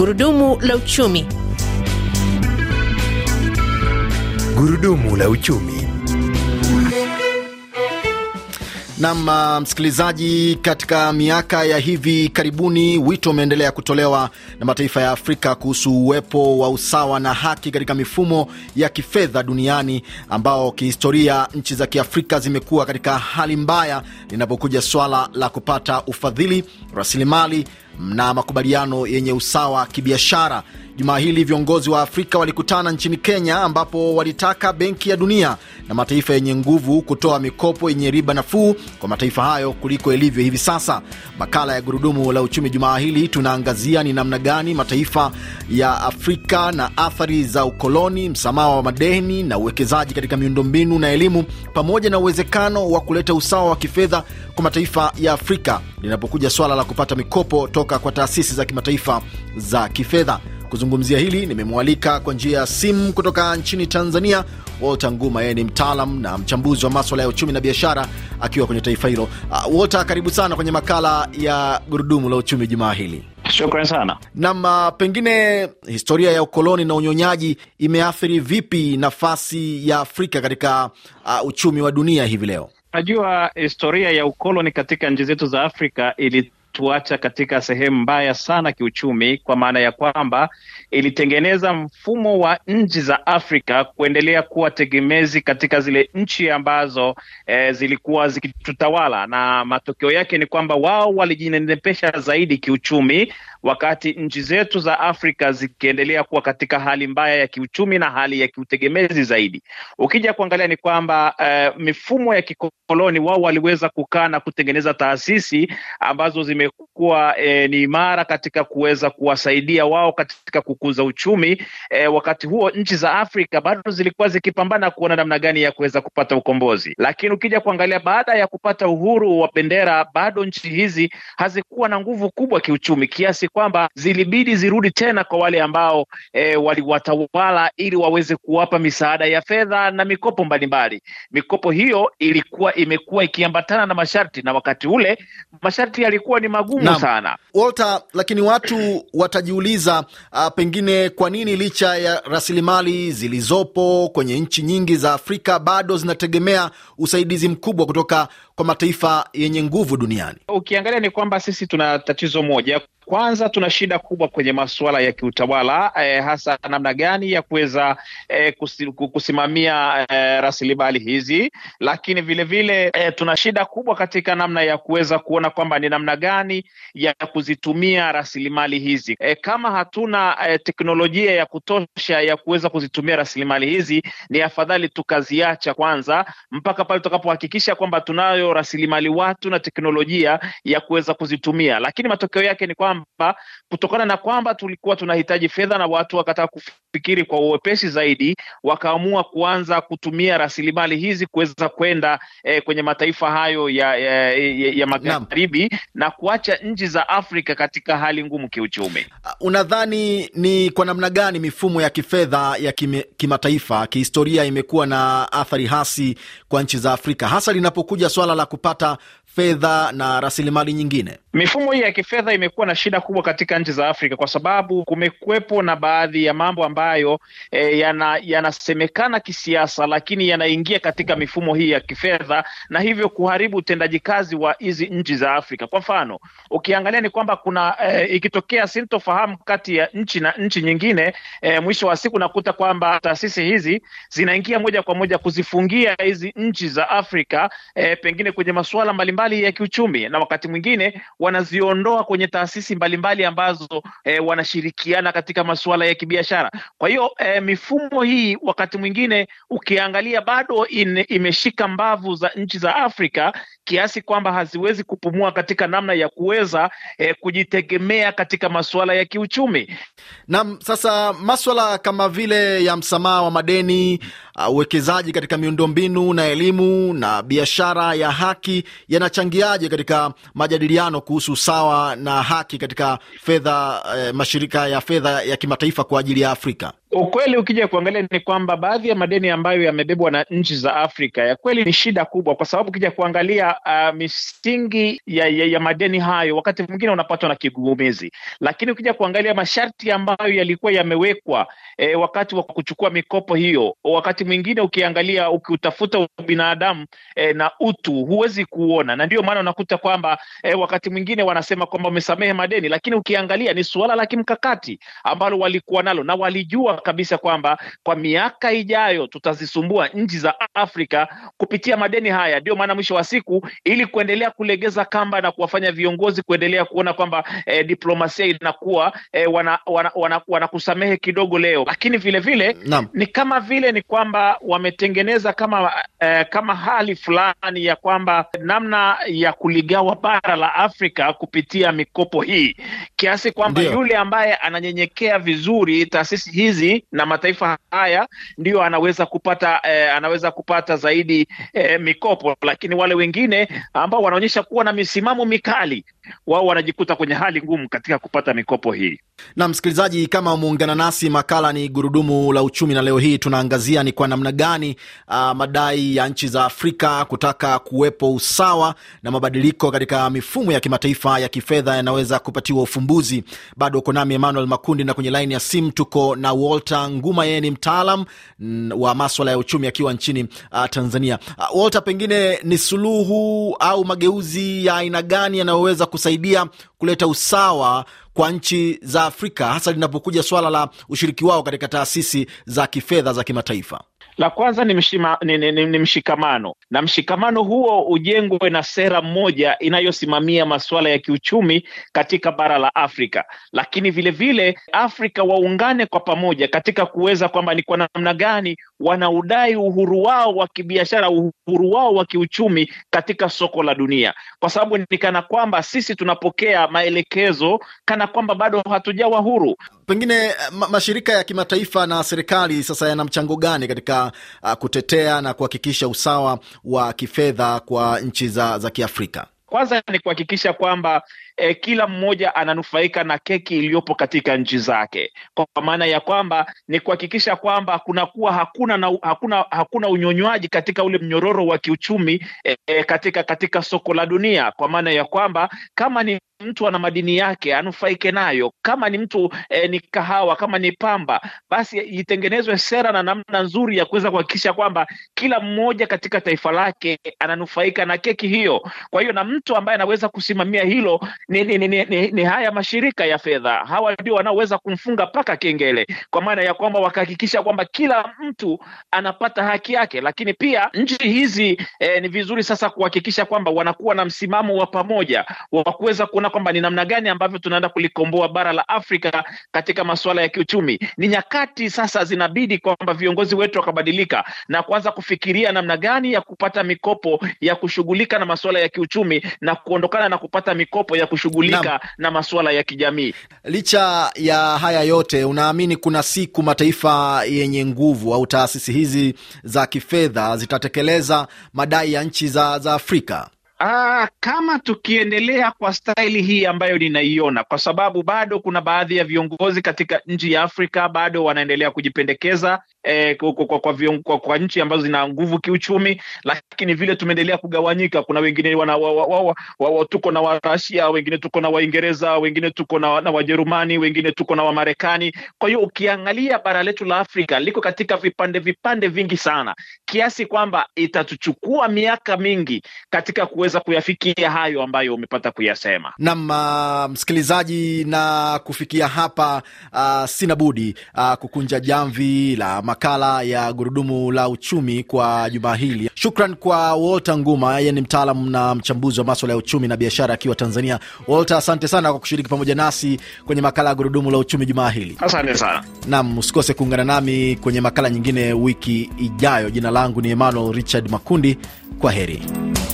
Gurudumu la uchumi. Gurudumu la uchumi. Nam uh, msikilizaji, katika miaka ya hivi karibuni wito umeendelea kutolewa na mataifa ya Afrika kuhusu uwepo wa usawa na haki katika mifumo ya kifedha duniani, ambao kihistoria nchi za Kiafrika zimekuwa katika hali mbaya linapokuja swala la kupata ufadhili, rasilimali na makubaliano yenye usawa kibiashara. Jumaa hili viongozi wa Afrika walikutana nchini Kenya, ambapo walitaka Benki ya Dunia na mataifa yenye nguvu kutoa mikopo yenye riba nafuu kwa mataifa hayo kuliko ilivyo hivi sasa. Makala ya Gurudumu la Uchumi jumaa hili tunaangazia ni namna gani mataifa ya Afrika na athari za ukoloni, msamaha wa madeni na uwekezaji katika miundombinu na elimu, pamoja na uwezekano wa kuleta usawa wa kifedha kwa mataifa ya Afrika linapokuja swala la kupata mikopo toka kutoka kwa taasisi za kimataifa za kifedha. Kuzungumzia hili nimemwalika kwa njia ya simu kutoka nchini Tanzania, Walter Nguma. Yeye ni mtaalam na mchambuzi wa maswala ya uchumi na biashara akiwa kwenye taifa hilo. Uh, Walter, karibu sana kwenye makala ya gurudumu la uchumi jumaa hili. Shukran sana. Nam, ah, pengine historia ya ukoloni na unyonyaji imeathiri vipi nafasi ya Afrika katika uh, uchumi wa dunia hivi leo? Najua historia ya ukoloni katika nchi zetu za Afrika ili ilituacha katika sehemu mbaya sana kiuchumi, kwa maana ya kwamba ilitengeneza mfumo wa nchi za Afrika kuendelea kuwa tegemezi katika zile nchi ambazo e, zilikuwa zikitutawala, na matokeo yake ni kwamba wao walijinenepesha zaidi kiuchumi, wakati nchi zetu za Afrika zikiendelea kuwa katika hali mbaya ya kiuchumi na hali ya kiutegemezi zaidi. Ukija kuangalia ni kwamba e, mifumo ya kikoloni wao waliweza kukaa na kutengeneza taasisi ambazo zime kuwa e, ni imara katika kuweza kuwasaidia wao katika kukuza uchumi e, wakati huo nchi za Afrika bado zilikuwa zikipambana kuona namna gani ya kuweza kupata ukombozi. Lakini ukija kuangalia baada ya kupata uhuru wa bendera, bado nchi hizi hazikuwa na nguvu kubwa kiuchumi, kiasi kwamba zilibidi zirudi tena kwa wale ambao e, eh, waliwatawala ili waweze kuwapa misaada ya fedha na mikopo mbalimbali. Mikopo hiyo ilikuwa imekuwa ikiambatana na masharti, na wakati ule masharti yalikuwa ni magumu na sana Walter, lakini watu watajiuliza uh, pengine kwa nini licha ya rasilimali zilizopo kwenye nchi nyingi za Afrika bado zinategemea usaidizi mkubwa kutoka kwa mataifa yenye nguvu duniani? Ukiangalia ni kwamba sisi tuna tatizo moja. Kwanza tuna shida kubwa kwenye masuala ya kiutawala eh, hasa namna gani ya kuweza eh, kusimamia eh, rasilimali hizi, lakini vilevile vile, eh, tuna shida kubwa katika namna ya kuweza kuona kwamba ni namna gani ya kuzitumia rasilimali hizi eh, kama hatuna eh, teknolojia ya kutosha ya kuweza kuzitumia rasilimali hizi, ni afadhali tukaziacha kwanza mpaka pale tutakapohakikisha kwamba tunayo rasilimali watu na teknolojia ya kuweza kuzitumia, lakini matokeo yake ni kwamba kutokana na kwamba tulikuwa tunahitaji fedha na watu wakataka kufikiri kwa uwepesi zaidi, wakaamua kuanza kutumia rasilimali hizi kuweza kwenda eh, kwenye mataifa hayo ya, ya, ya, ya magharibi na, kuacha nchi za Afrika katika hali ngumu kiuchumi. Uh, unadhani ni kwa namna gani mifumo ya kifedha ya kimataifa kihistoria imekuwa na athari hasi kwa nchi za Afrika hasa linapokuja swala la kupata fedha na rasilimali nyingine. Mifumo hii ya kifedha imekuwa na shida kubwa katika nchi za Afrika kwa sababu kumekuwepo na baadhi ya mambo ambayo e, yanasemekana yana kisiasa, lakini yanaingia katika mifumo hii ya kifedha na hivyo kuharibu utendaji kazi wa hizi nchi za Afrika. Kwa mfano, ukiangalia ni kwamba kuna e, ikitokea sintofahamu kati ya nchi na nchi nyingine, e, mwisho wa siku nakuta kwamba taasisi hizi zinaingia moja kwa moja kuzifungia hizi nchi za Afrika e, pengine kwenye masuala mbalimbali mbalimbali ya kiuchumi, na wakati mwingine wanaziondoa kwenye taasisi mbalimbali ambazo eh, wanashirikiana katika masuala ya kibiashara. Kwa hiyo eh, mifumo hii wakati mwingine ukiangalia bado in, imeshika mbavu za nchi za Afrika kiasi kwamba haziwezi kupumua katika namna ya kuweza eh, kujitegemea katika masuala ya kiuchumi. Naam, sasa maswala kama vile ya msamaha wa madeni, uh, uwekezaji uh, katika miundombinu na elimu na biashara ya haki yana unachangiaje katika majadiliano kuhusu usawa na haki katika fedha eh, mashirika ya fedha ya kimataifa kwa ajili ya Afrika? Ukweli ukija kuangalia ni kwamba baadhi ya madeni ambayo yamebebwa na nchi za Afrika ya kweli ni shida kubwa, kwa sababu ukija kuangalia uh, misingi ya, ya, ya madeni hayo wakati mwingine unapatwa na kigugumizi, lakini ukija kuangalia masharti ambayo yalikuwa yamewekwa eh, wakati wa kuchukua mikopo hiyo, wakati mwingine ukiangalia, ukiutafuta binadamu eh, na utu huwezi kuona, na ndiyo maana unakuta kwamba eh, wakati mwingine wanasema kwamba umesamehe madeni, lakini ukiangalia ni suala la kimkakati ambalo walikuwa nalo na walijua kabisa kwamba kwa miaka ijayo tutazisumbua nchi za Afrika kupitia madeni haya. Ndio maana mwisho wa siku, ili kuendelea kulegeza kamba na kuwafanya viongozi kuendelea kuona kwamba e, diplomasia inakuwa e, wanakusamehe wana, wana, wana kidogo leo, lakini vilevile ni kama vile ni kwamba wametengeneza kama eh, kama hali fulani ya kwamba namna ya kuligawa bara la Afrika kupitia mikopo hii kiasi kwamba yule ambaye ananyenyekea vizuri taasisi hizi na mataifa haya ndiyo anaweza kupata eh, anaweza kupata zaidi eh, mikopo, lakini wale wengine ambao wanaonyesha kuwa na misimamo mikali wao wanajikuta kwenye hali ngumu katika kupata mikopo hii. Na msikilizaji, kama umeungana nasi, makala ni gurudumu la uchumi, na leo hii tunaangazia ni kwa namna gani uh, madai ya nchi za Afrika kutaka kuwepo usawa na mabadiliko katika mifumo ya kimataifa ya kifedha yanaweza kupatiwa ufumbuzi. Bado uko nami Emmanuel Makundi, na kwenye laini ya simu tuko na Walter Nguma, yeye ni mtaalam wa maswala ya uchumi akiwa nchini uh, Tanzania. Uh, Walter, pengine ni suluhu au mageuzi ya aina gani yanayoweza kusaidia kuleta usawa kwa nchi za Afrika, hasa linapokuja swala la ushiriki wao katika taasisi za kifedha za kimataifa? La kwanza ni, mshima, ni, ni, ni, ni mshikamano na mshikamano huo ujengwe na sera moja inayosimamia masuala ya kiuchumi katika bara la Afrika, lakini vilevile Afrika waungane kwa pamoja katika kuweza kwamba ni kwa namna gani wanaudai uhuru wao wa kibiashara, uhuru wao wa kiuchumi katika soko la dunia, kwa sababu ni kana kwamba sisi tunapokea maelekezo kana kana kwamba bado hatujawa huru. Pengine eh, ma mashirika ya kimataifa na serikali sasa yana mchango gani katika uh, kutetea na kuhakikisha usawa wa kifedha kwa nchi za, za Kiafrika? Kwanza ni kuhakikisha kwamba e, kila mmoja ananufaika na keki iliyopo katika nchi zake, kwa maana ya kwamba ni kuhakikisha kwamba kunakuwa hakuna na, hakuna hakuna unyonywaji katika ule mnyororo wa kiuchumi e, e, katika katika soko la dunia, kwa maana ya kwamba kama ni mtu ana madini yake anufaike nayo. Kama ni mtu e, ni kahawa, kama ni pamba, basi itengenezwe sera na namna nzuri ya kuweza kuhakikisha kwamba kila mmoja katika taifa lake ananufaika na keki hiyo. Kwa hiyo na mtu ambaye anaweza kusimamia hilo ni, ni, ni, ni, ni haya mashirika ya fedha, hawa ndio wanaoweza kumfunga paka kengele, kwa maana ya kwamba wakahakikisha kwamba kila mtu anapata haki yake. Lakini pia nchi hizi eh, ni vizuri sasa kuhakikisha kwamba wanakuwa na msimamo wa pamoja wa kuweza kuona kwamba ni namna gani ambavyo tunaenda kulikomboa bara la Afrika katika masuala ya kiuchumi. Ni nyakati sasa zinabidi kwamba viongozi wetu wakabadilika na kuanza kufikiria namna gani ya kupata mikopo ya kushughulika na masuala ya kiuchumi na kuondokana na kupata mikopo ya kushughulika na, na masuala ya kijamii. Licha ya haya yote, unaamini kuna siku mataifa yenye nguvu au taasisi hizi za kifedha zitatekeleza madai ya nchi za, za Afrika? Aa, ah, kama tukiendelea kwa staili hii ambayo ninaiona, kwa sababu bado kuna baadhi ya viongozi katika nchi ya Afrika bado wanaendelea kujipendekeza eh, kwa, kwa, kwa, kwa, kwa nchi ambazo zina nguvu kiuchumi, lakini vile tumeendelea kugawanyika. Kuna wengine wana, wa, wa, wa, wa, wa, tuko na Warasia, wengine tuko na Waingereza, wengine tuko na, na Wajerumani, wengine tuko na Wamarekani. Kwa hiyo ukiangalia bara letu la Afrika liko katika vipande vipande vingi sana, kiasi kwamba itatuchukua miaka mingi katika kuweza kuyafikia hayo ambayo umepata kuyasema. Naam uh, msikilizaji, na kufikia hapa, uh, sina budi uh, kukunja jamvi la makala ya gurudumu la uchumi kwa jumaa hili. Shukran kwa Walter Nguma, yeye ni mtaalamu na mchambuzi wa maswala ya uchumi na biashara akiwa Tanzania. Walter, asante sana kwa kushiriki pamoja nasi kwenye makala ya gurudumu la uchumi jumaa hili. Asante sana. nam, usikose kuungana nami kwenye makala nyingine wiki ijayo. Jina langu ni Emmanuel Richard Makundi. Kwa heri.